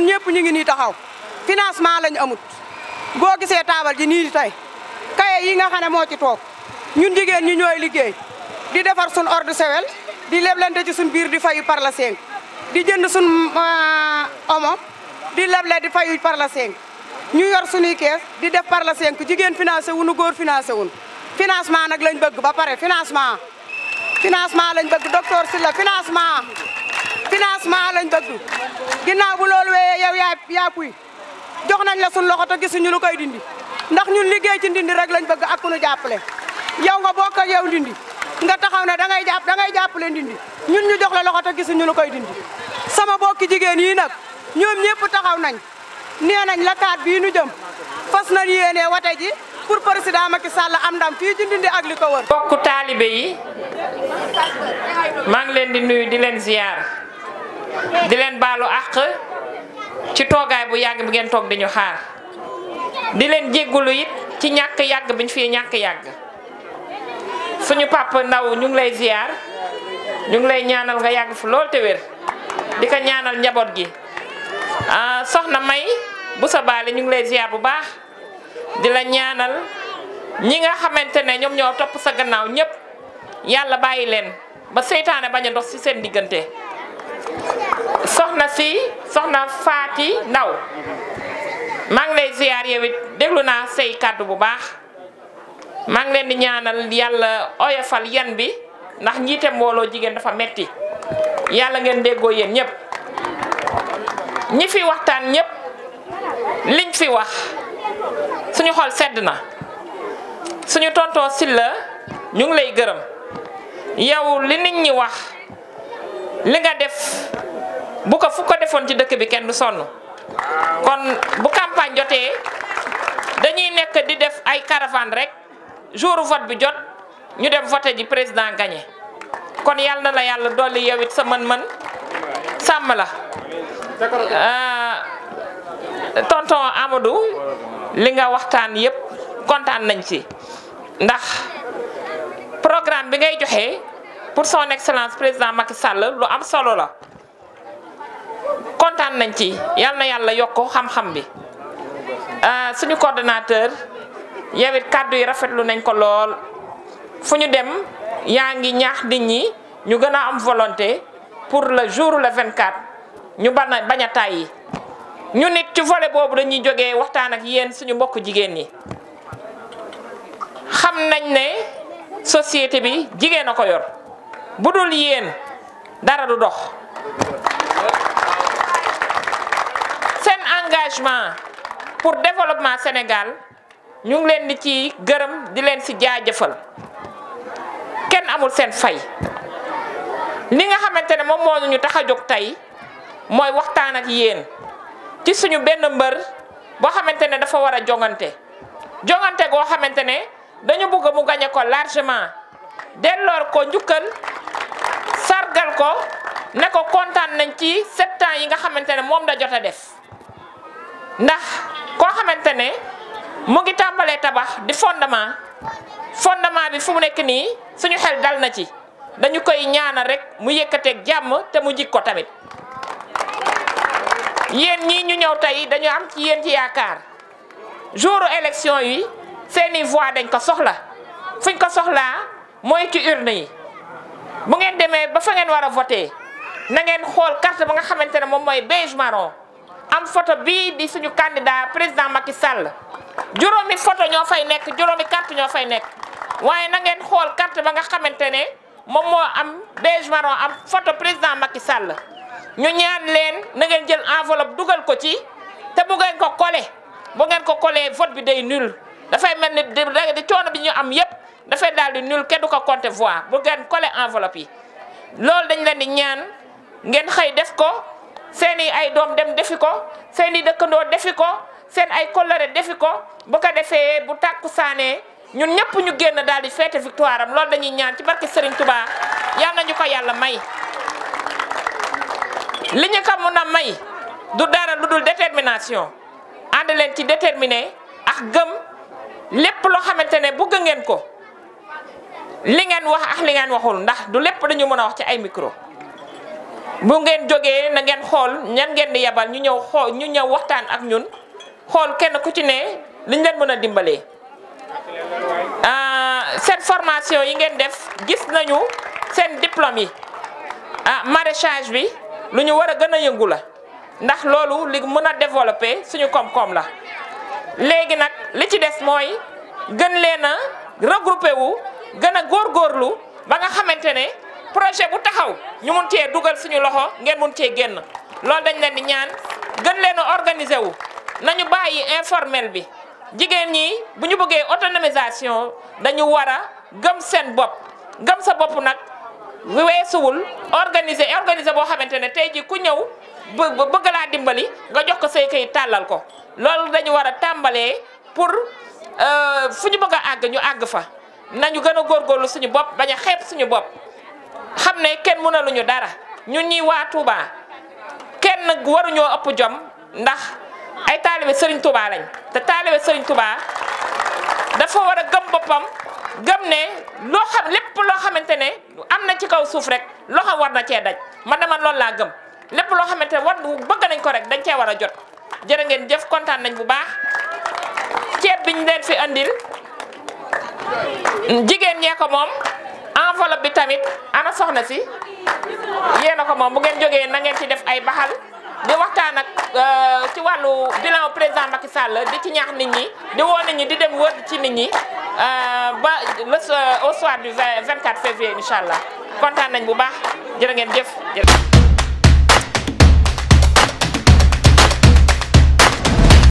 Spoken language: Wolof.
ñun ñëpp ñu ngi nii taxaw financement lañ amut boo gisee taabal ji nii tey kaye yi nga xam moo ci toog ñun jigéen ñi ñooy liggéey di defar sun ordre sewel di leblante ci suñ biir di fay par la seen di jënd sun euh, omo di leble di fayu par la seen ñu yor suñuy kees di def par la seen jigéen financé wunu góor financé wunu financement nag lañ bëgg ba pare financement financement lañ bëgg docteur Sylla financement financement lañ bëgg ginnaaw bu loolu wéyee yow yaa yaa jox nañ la suñ loxo te gisuñu lu koy dindi ndax ñun liggéey ci ndindi rek lañ bëgg ak ku ñu jàppale yow nga bokk ak yow ndindi nga taxaw ne da ngay jàpp da ngay jàppale ndindi ñun ñu jox la loxo te gisuñu lu koy dindi sama bokki jigéen yi nag ñoom ñëpp taxaw nañ nee nañ la kaat bii nu jëm fas nañ yéenee wate ji pour président Macky Sall am ndam fii ci ndindi ak li ko wër bokku taalibe yi maa ngi leen di di leen ziyaar di leen baalu àq ci toogaay bu yàgg bu ngeen toog di ñu xaar di leen jéggulu it ci ñàkk yàgg biñ fi ñàkk yàgg suñu papa ndaw ñu ngi lay ziar ñu ngi lay ñaanal nga yàgg fu lool te wér di ko ñaanal njaboot gi ah, soxna May bu sa baale ñu ngi lay ziar bu baax di la ñaanal ñi nga xamante ne ñoom ñoo topp sa gannaaw ñëpp yàlla bàyyi leen ba seytaane bañ a dox ci seen diggante. soxna si soxna Faati Ndaw maa ngi lay ziar yow déglu naa sey kàddu bu baax maa ngi leen di ñaanal yàlla oyofal yan bi ndax njiite mbooloo jigéen dafa metti yàlla ngeen déggoo yéen ñëpp ñi fi waxtaan ñëpp liñ fi wax suñu xol sedd na suñu tontoo Sylla ñu ngi lay gërëm yow li nit ñi wax li nga def bu ko fu ko defoon ci dëkk bi kenn sonn kon bu campagne jotee dañuy nekk di def ay caravane rek jour vote bi jot ñu def voté ji président gagné kon yàlla na la yàlla doole yow sa man man sàmm la euh, tonton Amadou li nga waxtaan yépp kontaan nañ ci ndax programme bi ngay joxe. pour son excellence président Macky Sall lu am solo la kontaan nañ ci yal na yàlla yokk xam-xam bi euh, suñu coordonnateur yow kàddu yi rafetlu nañ ko lool fu ñu dem yaa ngi ñaax nit ñi ñu gën a am volonté pour le jour le 24 ñu bañ a bañ a ñu nit ci volet boobu dañuy jógee waxtaan ak yéen suñu mbokk jigéen ñi xam nañ ne société bi jigéen a ko yor. bu dul yéen dara du dox seen engagement pour développement Sénégal ñu leen di ci gërëm di leen ci jaajëfal kenn amul seen fay li nga xamante ne moom moo ñu tax a jóg tey mooy waxtaan ak yéen ci suñu benn mbër boo xamante ne dafa war a jongante jongante goo xamante ne dañu bugg mu gañe ko largement delloor ko njukkal sargal ko ne ko kontaan nañ ci sept yi nga xamante ne moom la jot a def ndax koo xamante ne mu ngi tàmbalee tabax di fondement fondement bi fu nekk nii suñu xel dal na ci dañu koy ñaanal rek mu yëkkateeg jàmm te mu jik ko tamit yéen ñi ñu ñëw tey dañu am ci yéen ci yaakaar jouru élection yi seeni voix dañ ko soxla fuñ ko soxlaa mooy ci urne yi bu ngeen demee ba fa ngeen war a voté na ngeen xool carte ba nga xamante ne moom mooy beige marron am foto bii di suñu candidat président Macky Sall juróomi photo ñoo fay nekk juróomi carte ñoo fay nekk waaye na ngeen xool carte ba nga xamante ne moom moo am beige marron am foto président Macky sal ñu ñaan leen na ngeen jël enveloppe dugal ko ci te bu ngeen ko collé bu ngeen ko collé vote bi day nul dafay mel ni di coono bi ñu am yépp dafay daal di nul kenn du ko compter voix bu ngeen collé enveloppe yi loolu dañ leen di ñaan ngeen xëy def ko seeni ay doom dem defi ko seen i dëkkandoo defi ko seen ay coloré defi ko bu ko defee bu tàkku saanee ñun ñëpp ñu génn daal di feete victoire am loolu dañuy ñaan ci barke Serigne Touba yal nañu ko yàlla may li ñu ko mun may du dara lu dul détermination ànd leen ci déterminé ak gëm lépp loo xamante ne bu gëngeen ko. li ngeen wax ak li ngeen waxul ndax du lépp dañu mën a wax ci ay micro bu ngeen jógee na ngeen xool ñan ngeen di yebal ñu ñëw xool ñu ñëw waxtaan ak ñun xool kenn ku ci ne liñ leen mën a dimbalee. Ah, seen formation yi ngeen def gis nañu seen diplôme yi ah maraîchage bi lu ñu war a gën a yëngu la ndax loolu li mën a développer suñu koom-koom la léegi nag li ci des mooy gën leen a regrouper wu. gën a góorlu ba nga xamante ne projet bu taxaw ñu mun cee dugal suñu loxo ngeen mun cee génn loolu dañ leen di ñaan gën leen a organiser wu nañu bàyyi informel bi jigéen ñi bu ñu bëggee autonomisation dañu war a gëm seen bopp gëm sa bopp nag weesuwul organiser organiser boo xamante ne tey jii ku ñëw bëgg laa dimbali nga jox ko say kay tàllal ko loolu dañu war a tàmbalee pour euh, fu ñu bëgg àgg ñu àgg fa. nañu gën a góorgóorlu suñu bopp bañ a xeeb suñu bopp xam ne kenn mënaluñu dara ñu ñi waa Touba kenn waruñoo ëpp jom ndax ay taalibe sëriñ Touba lañ te taalibe Serigne Touba dafa war a gëm boppam gëm ne loo xam lépp loo xamante ne am na ci kaw suuf rek loxo war na cee daj man dama loolu laa gëm lépp loo xamante ne war bëgg nañ ko rek dañ cee war a jot jërë ngeen jëf kontaan nañ bu baax ceeb biñ leen fi andil. jigéen ñee ko moom enveloppe bi tamit ana soxna si yéena ko moom bu ngeen jógee na ngeen ci def ay baxal di waxtaan ak euh, ci wàllu bilan président Macky Sall di ci ñaax nit ñi di woo nit ñi di dem wër ci nit ñi euh, ba le au soir du 24 février incha allah kontaan nañ bu baax jërë ngeen jëf jërë